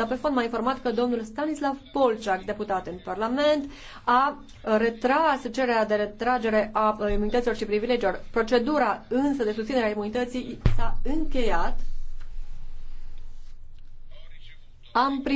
Dar pe fond m-a informat că domnul Stanislav Polciac, deputat în Parlament, a retras cererea de retragere a imunităților și privilegiilor. Procedura însă de susținere a imunității s-a încheiat. Am primit